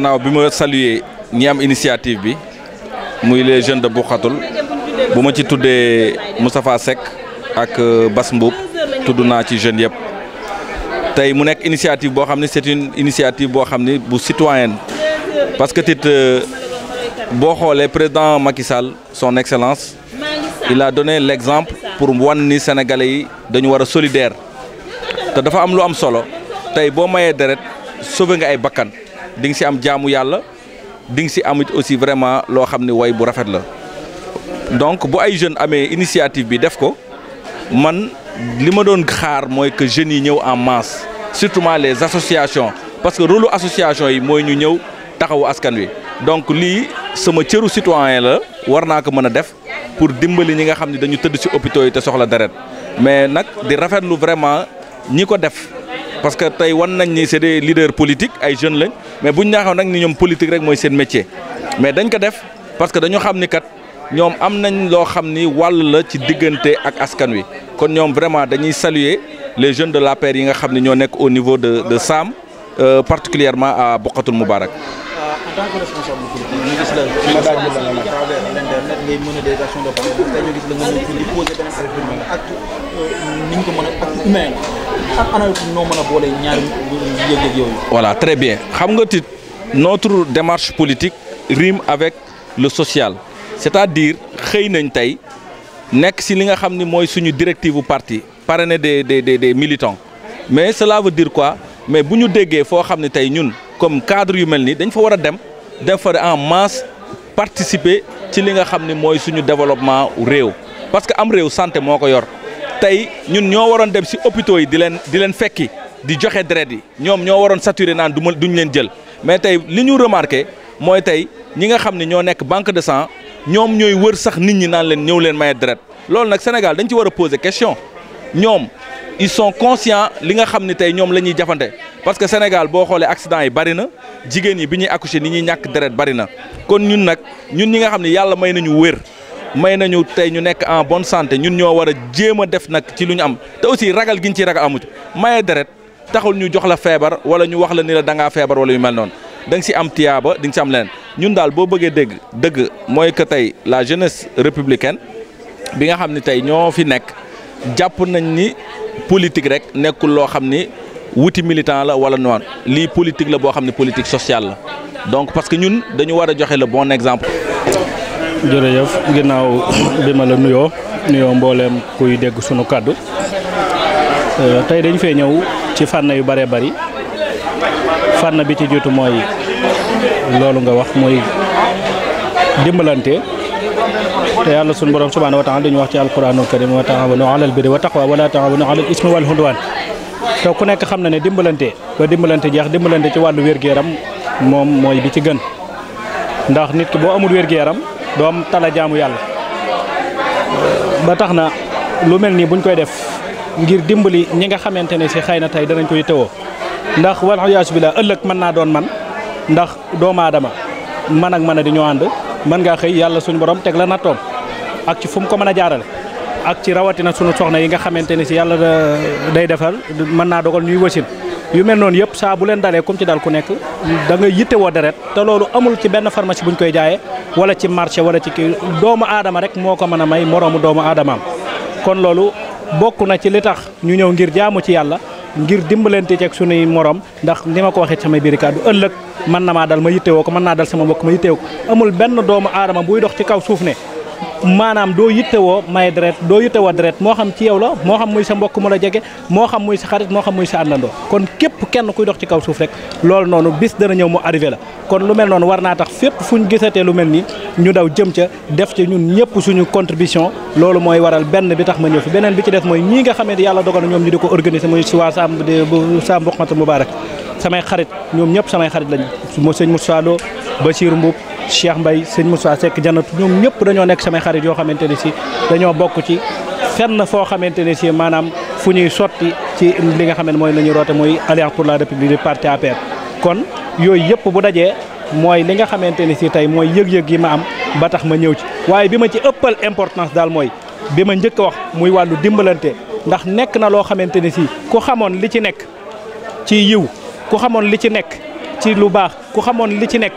Je bi saluer ñi am initiative bi les jeunes de Boukhatoul Je suis ci tuddee Moustapha Seck et Bass tous les jeunes yëpp initiative boo c'est une initiative citoyenne parce que tit euh, président Macky Sall son excellence il a donné l'exemple pour wan sénégalais yi dañu war a solidaire te dafa am lu am solo tey boo nga ay bakkan Ding si am jaamu yalla ding si amit aussi vraiment lo xamni ne way bu rafet la donc bu ay jeune amé initiative bi def ko man lima don xaar moy que jeune yi ñëw en masse surtout les associations parce que rôle association yi moy ñu ñëw taxawu askan wi donc li sama cëru citoyen la warna ko mëna def pour dimbali ñi nga xamni dañu teud ci hôpitaux yi té soxla deret mais nak di rafetlu vraiment ñi ko def parce que tay wan nañ ni c'est des leaders politiques ay jeunes lañ mais buñ ñaxaw nak ni ñom politique rek moy seen métier mais dañ ko def parce que dañu xamni kat ñom am nañ lo xamni ni la ci diggante ak askan wi kon ñom vraiment dañuy saluer les jeunes de la l'APR yi nga xamni ne ñoo nekk au niveau de de Sam euh, particulièrement à Bokatoul Mubarak en tant que responsable politique à travers l'internet ngay mën des actions de parti ñu gis la nga mën di poser euh, ko mën a acte voilà très bien notre démarche politique rime avec le social c'est-à-dire que nous sommes directive parti parrainer des des militants mais cela veut dire quoi mais si nous devons comme cadre humain, en masse participer ci li nga nous développement parce que nous santé tey ñun ñoo waroon dem si hôpitaux yi di leen di leen fekki di joxe deret yi ñoom ñoo waroon saturé naan du ma duñ leen jël mais tey li ñu remarqué mooy tey ñi nga xam ne ñoo nekk banque de sang ñoom ñooy wër sax nit ñi naan leen ñëw leen maye deret loolu nag Sénégal dañ ci war a poser question ñoom il sont conscients li nga xam ne tey ñoom la ñuy jafante parce que Sénégal boo xoolee accident yi bari na jigéen yi bi ñuy accoucher ni ñuy ñàkk deret bari na kon ñun nag ñun ñi nga xam ne yàlla may nañu wér may nañu tey ñu nekk en bonne santé ñun ñoo war a jéem a def nag ci lu ñu am te aussi ragal giñ ci ragal amu ci maye deret taxul ñu jox la feebar wala ñu wax la ni la da ngaa feebar wala yu mel noonu danga nga si am tiyaaba di nga si am leneen ñun boo bëggee dégg dëgg mooy que tey la jeunesse républicaine bi nga xam ni tey ñoo fi nekk jàpp nañ ni politique rek nekkul loo xam ni wuti militant la wala noonu lii politique la boo xam ni politique sociale la donc parce que ñun dañu war a joxe la bon exemple. jërëjëf ginnaaw bi ma la nuyoo nuyoo mbooleem kuy dégg sunu kàddu euh, tey dañu fee ñëw ci fànn yu bare bari fànn bi ci jiitu mooy loolu nga wax mooy dimbalante te yàlla sunu borom subhaanahu wa taala dañu wax ci alquraanul karim wa taawanu alal birri wa taqwa wala taawanu alal ismi wal hudwaan te ku nekk xam na ne dimbalante ba dimbalante jeex dimbalante ci wàllu wér-gu-yaram moom mooy bi ci gën ndax nit ki boo amul wér-gu-yaram doom tala jaamu yàlla ba tax na lu mel nii buñ koy def ngir dimbali ñi nga xamante ne si xëy na tey danañ koy tëwoo ndax wal xiyaasu bi la ëllëg mën naa doon man ndax doomu aadama man ak mën a di ñoo ànd mën ngaa xëy yàlla suñu borom teg la nattoom ak ci fu mu ko mën a jaarale ak ci rawatina suñu soxna yi nga xamante ne si yàlla day defal mën naa dogal ñuy wasin yu mel noonu yëpp saa bu leen dalee comme ci dal ku nekk da nga yitte woo deret te loolu amul ci benn pharmacie buñ koy jaayee wala ci marché wala ci kii doomu aadama rek moo ko mën a may moroomu doomu aadamaam kon loolu bokk na ci li tax ñu ñëw ngir jaamu ci yàlla ngir dimbalante ci sunuy morom ndax ni ma ko waxee samay biir kàddu ëllëg mën na maa dal ma yittewoo ko mën naa dal sama mbokk ma yittewoo ko amul benn doomu aadama buy dox ci kaw suuf ne maanaam doo woo may deret doo yittewoo deret moo xam ci yow la moo xam muy sa mbokk mu la jege moo xam muy sa xarit moo xam muy sa àndandoo kon képp kenn kuy dox ci kaw suuf rek loolu noonu bis dana ñëw mu arrivé la kon lu mel noonu war naa tax fépp fu ñu gisatee lu mel nii ñu daw jëm ca def ca ñun ñëpp suñu contribution loolu mooy waral benn bi tax ma ñëw fi beneen bi ci def mooy ñii nga xamee yàlla dogal na ñoom ñu di ko organiser muy si waa sa sa mboqatul mubaarak samay xarit ñoom ñëpp samay xarit lañu mo sëñ Moussa Lo Bachir Mboub cheikh mbay seigne moussa sek jannatu ñom ñëpp dañu nek samay xarit yo xamante ci si bok ci fenn fo xamante ci si fu ñuy soti ci li nga xamante moy lañu rote moy alliance pour la république du parti APR kon yoy yep bu dajé moy li nga xamante ci si moy yeg yeg yi ma am ba tax ma ñew ci waye bima ci eppal importance dal moy bima ñëk wax muy walu dimbalante ndax nek na lo xamante ci si ku xamone li ci nek ci yiw ku xamone li ci nek ci lu bax ku xamone li ci nek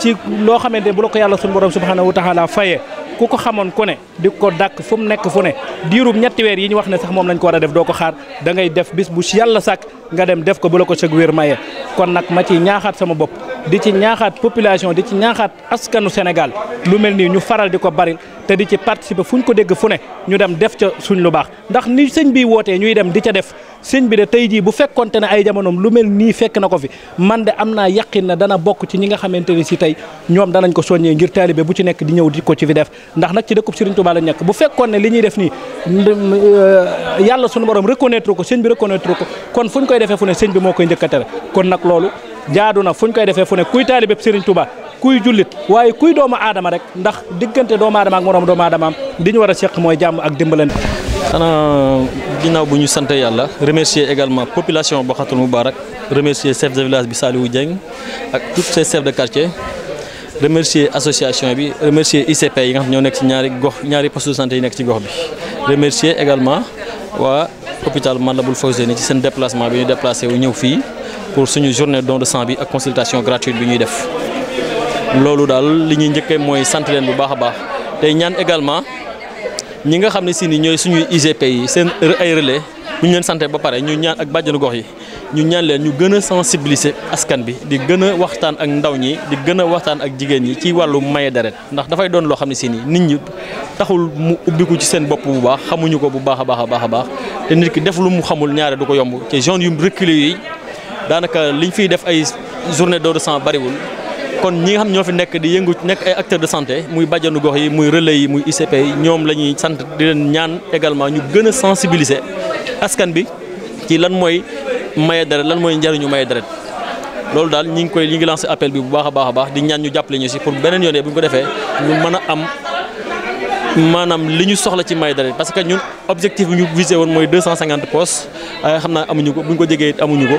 ci loo xamante bu la ko yàlla suñu borom subhanahu wa taala fayee ku ko xamoon ku ne di ko dàkk fu mu nekk fu ne diirub ñettiweer yi ñu wax ne sax moom lañ ko war a def doo ko xaar dangay def bis bu yàlla sàkk nga dem def ko bu la ko sëg wér maye kon nag ma ci ñaaxaat sama bopp di ci ñaaxaat population di ci ñaaxaat askanu Sénégal lu mel nii ñu faral di ko bari te di ci participer fu ñu ko dégg fu ne ñu dem def ca suñ lu baax ndax ni sëñ bi wootee ñuy dem di ca def sëñ bi de tey jii bu fekkonte ne ay jamonoom lu mel nii fekk na ko fi man de am naa yaqin na dana bokk ci ñi nga xamante ni si tey ñoom danañ ko soññee ngir taalibe bu ci nekk di ñëw di ko ci fi def ndax nag ci dëkkub Sëriñ Tuubaa la nekk bu fekkoon ne li ñuy def nii euh, yàlla suñu borom reconnaître ko sëñ bi ko kon fu koy defee fu ne sëñ bi moo koy njëkkatere kon nag loolu jaadu na fu ñu koy defee fu ne kuy taalibe Serigne Touba kuy jullit waaye kuy doomu aadama rek ndax diggante doomu aadama ak moroom doomu aadamaam di ñu war a seq mooy jàmm ak dimbalante. xanaa ginnaaw bu ñu sant yàlla remercier également population Bokhatul Moubarak remercier chef de village bi Saliou jeng ak tous ces chefs de quartier. remercier association bi remercier ICP yi nga xam ñoo nekk ci ñaari gox ñaari poste de santé yi nekk ci gox bi remercier également waa hôpital Matlaboul Fawzeyni ci seen déplacement bi déplacé wu ñëw fii. pour suñu journée don de sang à consultation gratuite bi ñuy def li ñuy également ñi nga fait IGP relais nous ba des ñu ñaan ak nous gox yi ñu ñaan fait ñu gens, sensibiliser askan bi di waxtaan ak ndaw ñi di waxtaan ak ñi ci maye ndax ne taxul mu beaucoup ci sen bop bu baax xamuñu ko bu baaxa baaxa baax nit ki def lu mu xamul ñaara du ko yomb yi daanaka li ñu fiy def ay journée don de sang bariwul kon ñi nga xam ñoo fi nekk di yëngu nekk ay acteur de santé muy bàjjanu gox yi muy relais yi muy ICP yi ñoom lañuy ñuy sant di leen ñaan également ñu gën a sensibiliser askan bi ci lan mooy maye deret lan mooy njariñu maye deret loolu daal ñi ngi koy ñi ngi appel bi bu baax a baax baax di ñaan ñu jàppale ñu si pour beneen yoon bu ñu ko defee ñu mën a am maanaam li ñu soxla ci maye deret parce que ñun objectif bi ñu visé woon mooy 250 postes xam naa amuñu ko bu ko jegee amuñu ko.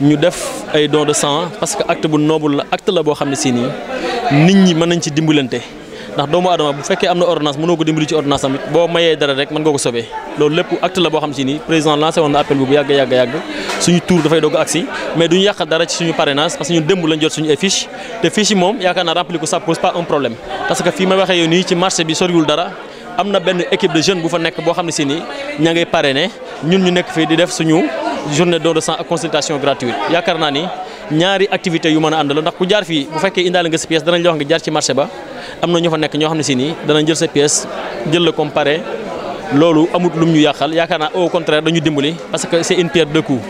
ñu def ay don de sang acte bu noble la acte la boo xam ne si nit ñi mën nañ ci dimbalante ndax doomu adama bu fekkee am na ordonnance mënoo ko dimbali ci ordonnance tamit boo mayee dara rek mën nga ko sobee loolu lépp acte la boo xam si ni président lancé woon na appel bu yàgg yàgg yàgg suñu tour dafay doog agsi mais duñu yàq dara ci suñu parrainage parce ñu démb lañ jot suñu ay fiche te fiche yi moom yaakaar naa rempli ko pose pas am na benn équipe de jeunes bu fa nekk boo xam ne si nii ña ngay parrainé ñun ñu nekk fii di def suñu journée don de sang ak consultation gratuite yaakaar naa ni ñaari activité yu mën a ànd la ndax ku jaar fii bu fekkee indaale nga sa pièce danañ la wax nga jaar ci marché ba am na ñu fa nekk ñoo xam ne si nii danañ jël sa pièce jël la comme pare loolu amut lum ñu yàqal yaakaar naa au contraire dañu dimbali parce que c'est une pierre deux coups.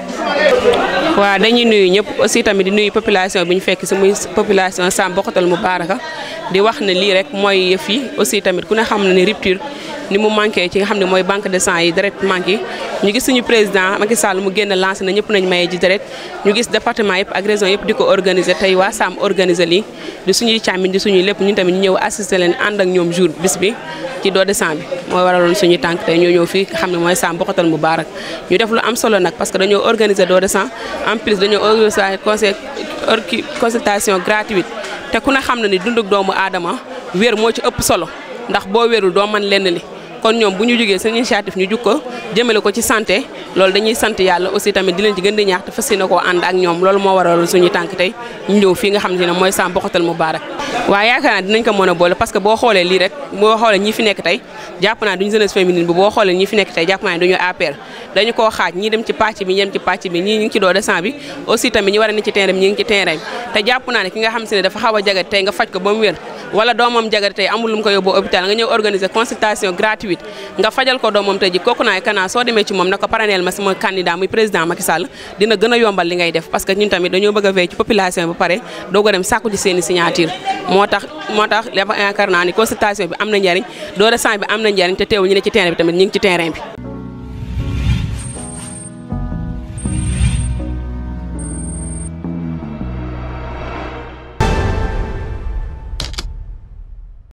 waaw dañuy nuyu ñëpp aussi tamit di nuyu population bi ñu fekk si muy population di wax ne lii rek mooy yëf yi aussi tamit ku ne xam na ne rupture ni mu manqué ci nga xam ne mooy banque de sang yi deret manqué ñu gis suñu président Macky Sall mu génn lancé na ñëpp nañ mayee ji deret ñu gis département yëpp ak yëpp di ko organiser tey waa Samm organiser lii di suñuy càmmiñ di lépp ñun tamit ñu ñëw assister leen ànd ak ñoom jour bis bi ci don de sang bi mooy waraloon suñuy tànk tey ñoo ñëw fii xam ne mooy Samm Boukhatoul Moubarak ñu def lu am solo nag parce que dañoo organiser don de sang en plus dañoo organiser conseil consultation gratuite te ku ne xam na ni dunduk doomu aadama wér moo ci ëpp solo ndax boo wérul doo man lenn li kon ñoom bu ñu jógee seen initiative ñu jug ko jëmale ko ci sante loolu dañuy sant yàlla aussi tamit dinañ leen ci gën di ñaax te fas yéene ko ànd ak ñoom loolu moo waraloon suñu tànk tey ñu ñëw fii nga xam ne mooy Sam Bokhatal Moubarak waaye yaakaar naa dinañ ko mën a boole parce que boo xoolee lii rek boo xoolee ñi fi nekk tey jàpp naa duñu jeunesse féminine bi boo xoolee ñi fi nekk tey jàpp naa duñu APR dañu koo xaaj ñi dem ci pàcc bi ñi dem ci ngi ci doo descent bi aussi tamit ñi war a ne ci terrain bi ñi ngi ci terrain bi te jàpp naa ne ki nga xam si ne dafa xaw a jagat tey nga faj ko ba mu wér wala doomam jagat tey amul lu ko yóbbu hôpital nga ñëw organiser consultation gratuite nga fajal ko doomam tey ji kooku naa kanaa soo demee ci moom na ko paraneel ma sama candidat muy président Macky a yombal li ngay def que ñun tamit dañoo bëgg a veille ci ba pare dooga dem sàkku ci moo tax moo tax dafa yaakaar naa ni consultation bi am na njariñ don de bi am na njariñ te teewul ñu ci terrain bi tamit ñu ngi ci terrain bi